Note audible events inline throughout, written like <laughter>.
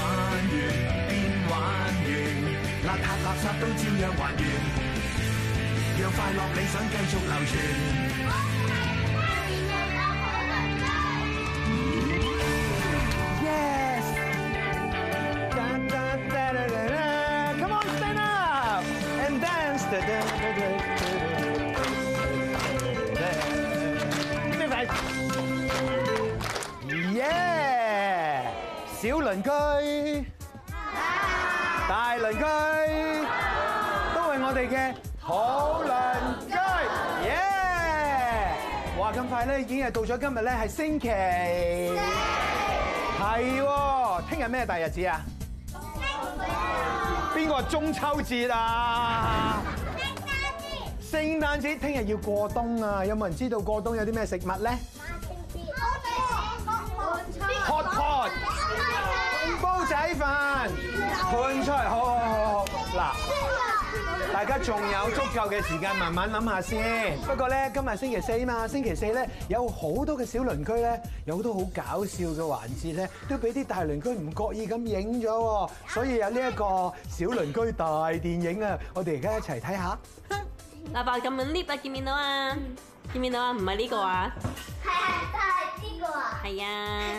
玩完變玩完，邋遢垃圾都照樣玩完，讓快樂理想繼續流傳。小鄰居，大鄰居，都係我哋嘅好鄰居，耶！哇，咁快咧，已經係到咗今日咧，係星期，係喎。聽日咩大日子啊？邊個中秋節啊？聖誕節。聖誕節，聽日要過冬啊！有冇人知道過冬有啲咩食物咧？仔份判出嚟，好好好好。嗱，大家仲有足夠嘅時間，慢慢諗下先。不過咧，今日星期四嘛，星期四咧有好多嘅小鄰居咧，有好多好搞笑嘅環節咧，都俾啲大鄰居唔覺意咁影咗。所以有呢一個小鄰居大電影啊！我哋而家一齊睇下。阿爸咁緊貼啊！見面到啊！見面到啊！唔係呢個啊，係係係呢個，係呀。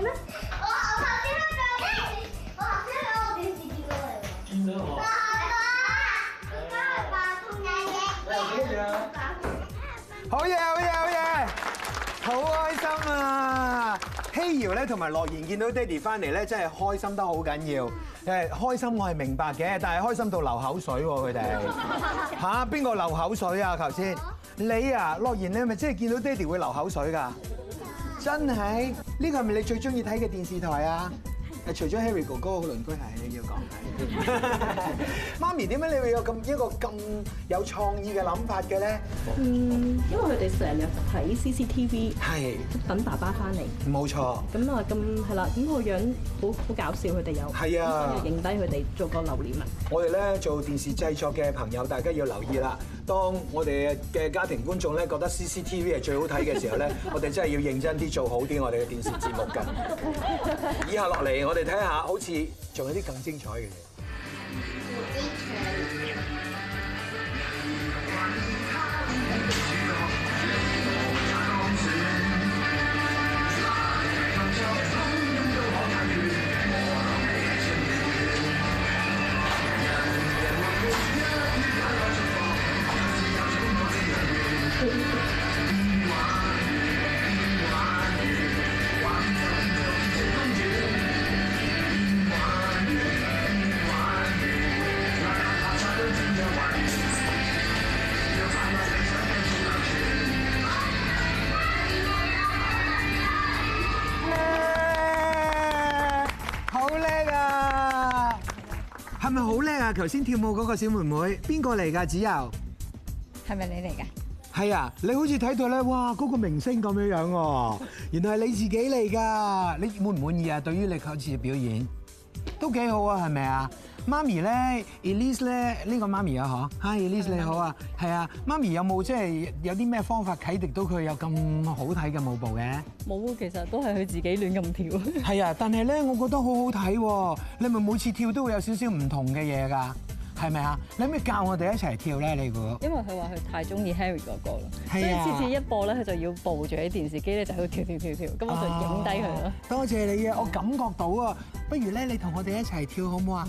咩？我我頭先咩？我頭先有電視機過嚟。真咩？我爸爸，你家下爸爸同人哋。你又點樣？好嘢好嘢好嘢！好開心啊！稀謠咧同埋諾賢見到爹哋翻嚟咧，真係開心得好緊要。誒，開心我係明白嘅，但係開心到流口水喎佢哋。嚇，邊個流口水啊？頭先你啊，諾賢你係咪真係見到爹哋會流口水㗎？真係，呢個係咪你最中意睇嘅電視台啊？係。誒，除咗 Harry 哥哥嘅鄰居係你要講嘅。係嘅，係嘅，媽咪點解你會有咁一個咁有創意嘅諗法嘅咧？嗯，因為佢哋成日睇 CCTV，係等爸爸翻嚟。冇錯。咁啊，咁係啦，咁個樣好好搞笑，佢哋有係啊，影低佢哋做個留念啊。我哋咧做電視製作嘅朋友，大家要留意啦。當我哋嘅家庭觀眾咧覺得 CCTV 係最好睇嘅時候咧，我哋真係要認真啲做好啲我哋嘅電視節目㗎。以下落嚟，我哋睇下，好似仲有啲更精彩嘅嘢。頭先跳舞嗰個小妹妹邊個嚟㗎？子悠係咪你嚟㗎？係啊，你好似睇到咧，哇！嗰、嗰個明星咁樣樣喎，原來係你自己嚟㗎。你滿唔滿意啊？對於你今次嘅表演都幾好啊，係咪啊？媽咪咧，Elise 咧，呢個媽咪啊，嗬，Hi, Elise 你好啊，係啊，媽咪有冇即係有啲咩方法啟迪到佢有咁好睇嘅舞步嘅？冇，其實都係佢自己亂咁跳。係啊，但係咧，我覺得好好睇喎。你咪每次跳都會有少少唔同嘅嘢㗎，係咪啊？你可唔可以教我哋一齊跳咧？你估？因為佢話佢太鍾意 Harry 哥哥啦，係啊，所以次次一播咧，佢就要坐住喺電視機咧，就喺度跳跳跳跳，噉、哦、我就影低佢啦。多謝你啊，我感覺到啊，不如咧，你同我哋一齊跳好唔好啊？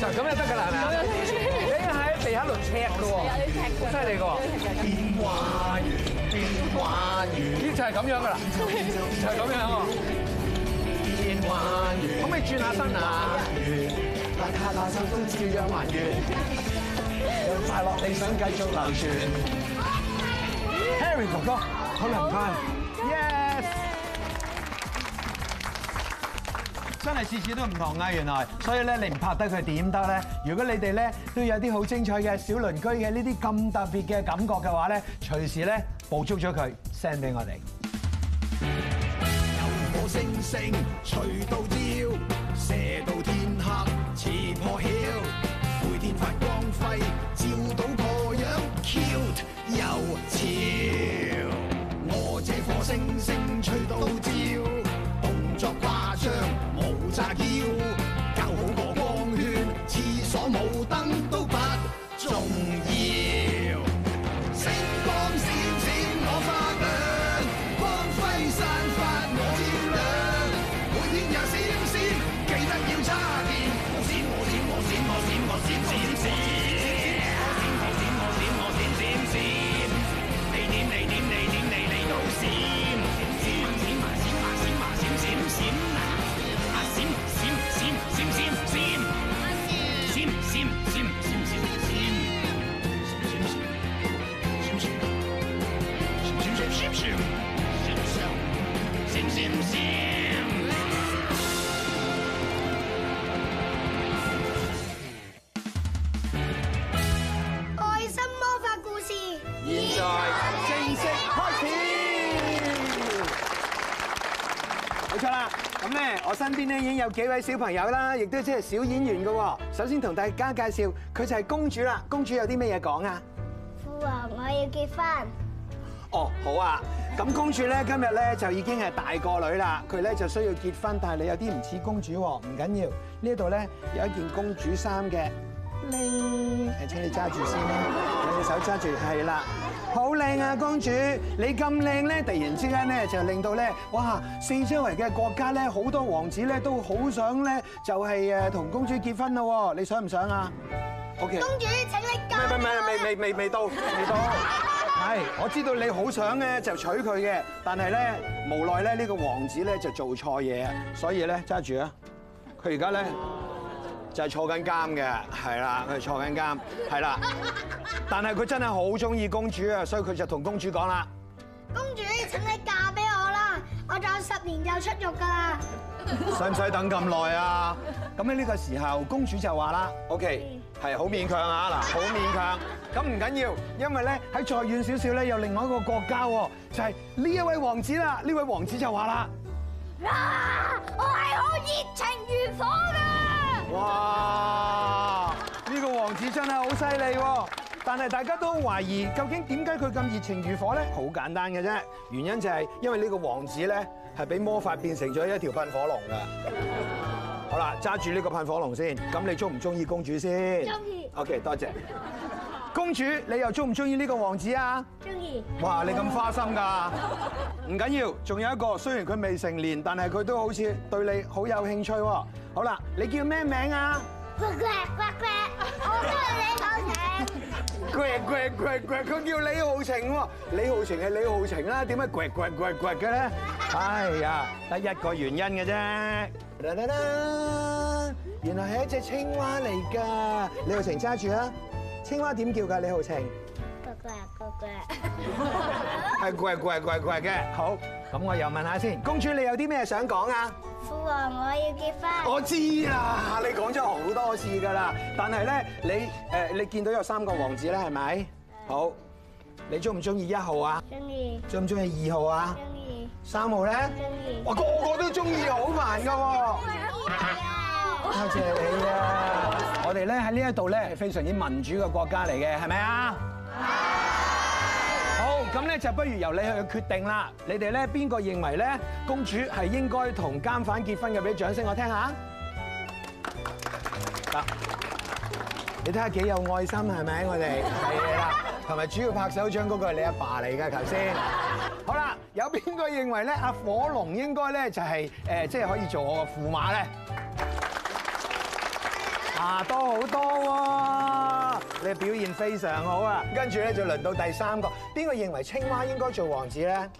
就咁、是、就得噶啦，係咪啊？你要喺地下度踢噶喎，好犀利噶喎！變花月，變花月，依就係咁樣噶啦，就係咁樣變花月，可唔可以轉下身啊？變花月，大家把心貼着萬緣，讓快樂理想繼續流傳。Harry 哥哥，好唔該。真係次次都唔同啊！原來，所以咧，你唔拍低佢點得咧？如果你哋咧都有啲好精彩嘅小鄰居嘅呢啲咁特別嘅感覺嘅話咧，隨時咧捕捉咗佢 send 俾我哋。有冇星星？隨道無燈。身邊咧已經有幾位小朋友啦，亦都即係小演員嘅。首先同大家介紹，佢就係公主啦。公主有啲咩嘢講啊？父王，我要結婚。哦，好啊。咁公主咧今日咧就已經係大個女啦，佢咧就需要結婚。但係你有啲唔似公主，唔緊要。呢度咧有一件公主衫嘅，拎，誒，請你揸住先啦，兩隻手揸住，係啦。好靚啊，公主！你咁靚咧，突然之間咧就令到咧，哇！四周圍嘅國家咧好多王子咧都好想咧就係誒同公主結婚咯喎！你想唔想啊？OK，公主請你嫁。唔唔唔，未未未未到，未到。係，我知道你好想咧就娶佢嘅，但係咧無奈咧呢個王子咧就做錯嘢，所以咧揸住啊！佢而家咧，就係、是、坐緊監嘅，係啦，佢坐緊監，係啦。但係佢真係好中意公主啊，所以佢就同公主講啦：公主請你嫁俾我啦，我仲有十年就出獄㗎啦。使唔使等咁耐啊？咁喺呢個時候，公主就話啦：OK，係好勉強啊嗱，好勉強。咁唔緊要，因為咧喺再遠少少咧，有另外一個國家喎，就係呢一位王子啦。呢位王子就話啦、啊：我係好熱情如火㗎。哇！呢個王子真係好犀利喎，但係大家都懷疑究竟點解佢咁熱情如火咧？好簡單嘅啫，原因就係因為呢個王子咧係俾魔法變成咗一條噴火龍㗎。好啦，揸住呢個噴火龍先，咁你中唔中意公主先？中意。OK，多謝。公主，你又中唔中意呢個王子啊？中意。哇，你咁花心㗎？唔緊要，仲有一個，雖然佢未成年，但係佢都好似對你好有興趣喎。好啦，你叫咩名啊？呱呱呱呱，我叫李浩晴。呱呱呱呱，佢叫李浩晴喎。李浩晴係李浩晴啦，點解呱呱呱呱嘅咧？哎呀，得一個原因嘅啫。啦啦啦，原來係一隻青蛙嚟㗎。李浩晴揸住啊。青蛙點叫㗎？李浩晴，呱呱呱呱，係呱呱呱呱嘅。好，咁我又問，問一下先，公主你有啲咩想講啊？父王，我要結婚。我知啦，你講咗好多次㗎啦。但係咧，你誒你見到有三個王子咧，係咪？好，你中唔中意一號啊？中意。中唔中意二號啊？中意。三號咧？中意。我，喜歡我喜歡個個都中意啊，好煩㗎喎。多謝你啊！我哋咧喺呢一度咧係非常之民主嘅國家嚟嘅，係咪啊？係。好，咁咧就不如由你去決定啦。你哋咧邊個認為咧公主係應該同監犯結婚嘅？俾啲掌聲我聽下。嗱，你睇下幾有愛心係咪？我哋係啦，同埋主要拍手掌嗰個係你阿爸嚟㗎。頭先好啦，有邊個認為咧阿火龍應該咧就係誒即係可以做我個駙馬咧？啊、多好多喎、啊！你表現非常好啊！跟住咧就輪到第三個，邊個認為青蛙應該做王子咧？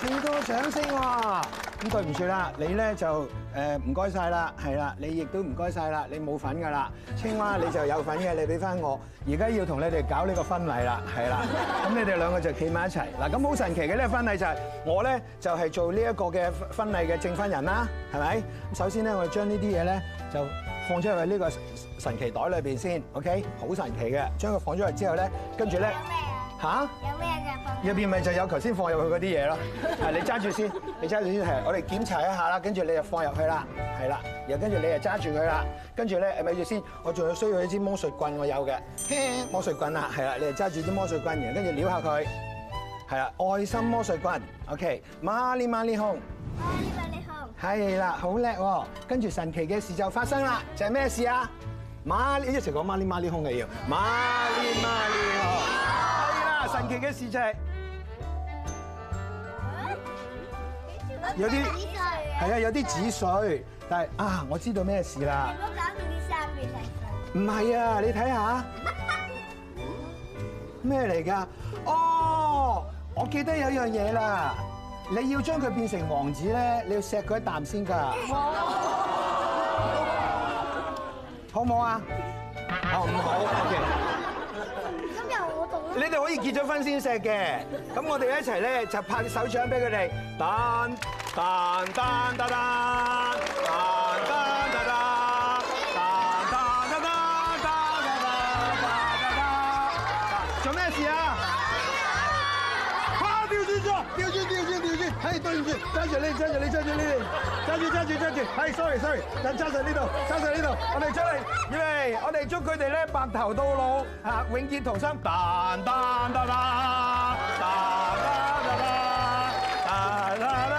最多掌聲啊。咁對唔住啦，你呢就。誒唔該晒啦，係啦，你亦都唔該晒啦，你冇份㗎啦，青蛙你就有份嘅，你俾翻我。而家要同你哋搞呢個婚禮啦，係啦，咁你哋兩個就企埋一齊。嗱，咁好神奇嘅呢個婚禮就係我咧就係做呢一個嘅婚禮嘅證婚人啦，係咪？咁首先咧，我將呢啲嘢咧就放咗入去呢個神奇袋裏邊先，OK，好神奇嘅，將佢放咗入之後咧，跟住咧。有啊！入邊咪就有頭先放入去嗰啲嘢咯。係你揸住先，你揸住先係。我哋檢查一下啦，跟住你就放入去啦，係啦。然後跟住你就揸住佢啦，跟住咧咪住先。我仲有需要一支魔術棍，我有嘅魔術棍啦，係啦，你就揸住支魔術棍然後，跟住撩下佢，係啦，愛心魔術棍，OK。馬里馬里控。馬里馬里控。係啦，好叻喎。跟住神奇嘅事就發生啦，就係咩事啊？馬里一齊講馬里馬里空嘅要。馬里馬里。奇嘅事就係，有啲，係啊，有啲紙碎，但係啊，我知道咩事啦。唔係啊，你睇下，咩嚟㗎？哦，我記得有樣嘢啦，你要將佢變成王子咧，你要錫佢一啖先㗎。好唔、哦、好啊？ <laughs> 好唔好？你哋可以結咗婚先錫嘅，咁我哋一齊咧就拍啲手掌俾佢哋，噔噔噔噔噔。你揸住，你揸住，你揸住，揸住，揸住，揸住。係，sorry，sorry，人揸上呢度，揸上呢度。我哋出嚟，出嚟，我哋祝佢哋咧白頭到老，永結同心。啦啦啦啦啦啦啦！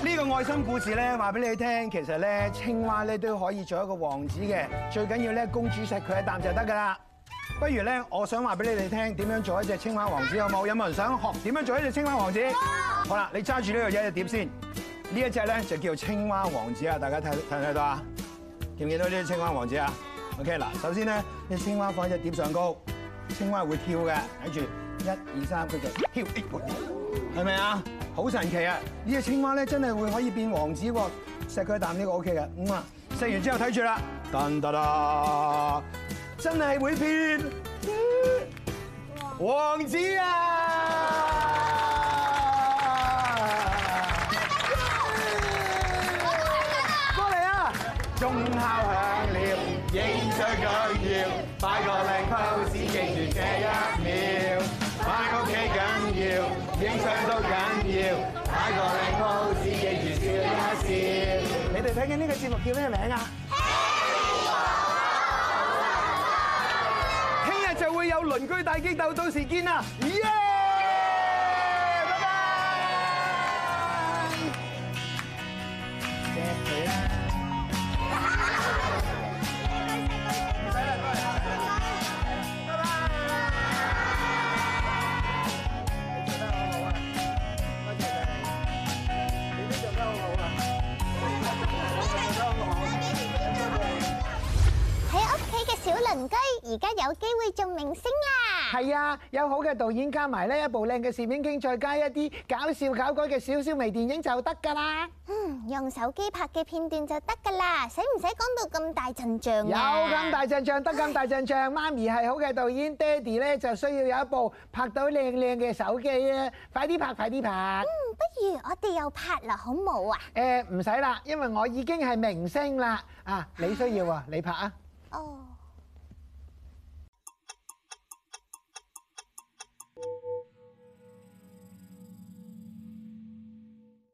呢個愛心故事咧，話俾你聽，其實咧，青蛙咧都可以做一個王子嘅，最緊要咧公主錫佢一啖就得㗎啦。不如咧，我想話俾你哋聽點樣做一隻青蛙王子有冇？有冇人想學點樣做一隻青蛙王子？好啦，嗯嗯，你揸住呢個嘢一隻碟先。呢一隻咧就叫青蛙王子啊！大家睇睇唔睇到啊？見唔見到呢隻青蛙王子啊？OK 嗱，首先咧，隻青蛙放喺隻碟上高，青蛙會跳嘅，睇住一二三，佢就跳，係咪啊？好神奇啊！呢隻青蛙咧真係會可以變王子喎，錫佢一啖呢個 OK 嘅，咁、嗯、啊，食完之後睇住啦，噔噔啦。真係會變王子啊！過嚟啊！鐘敲響了，影相緊要，擺個靚 pose 記住這一秒，返屋企緊要，影相都緊要，擺個靚 pose 記住笑一笑。你哋睇緊呢個節目叫咩名啊？鄰居大激鬥，到時見啦！耶有機會做明星啦！係啊，有好嘅導演加埋呢，一部靚嘅攝影機再加一啲搞笑搞鬼嘅小小微電影就得噶啦。嗯，用手機拍嘅片段就得噶啦，使唔使講到咁大陣仗啊？有咁大陣仗，得咁大陣仗。媽咪係好嘅導演，爹哋咧就需要有一部拍到靚靚嘅手機啊。快啲拍，快啲拍。嗯，不如我哋又拍啦，好冇啊？誒，唔使啦，因為我已經係明星啦。啊，你需要啊，你拍啊。哦。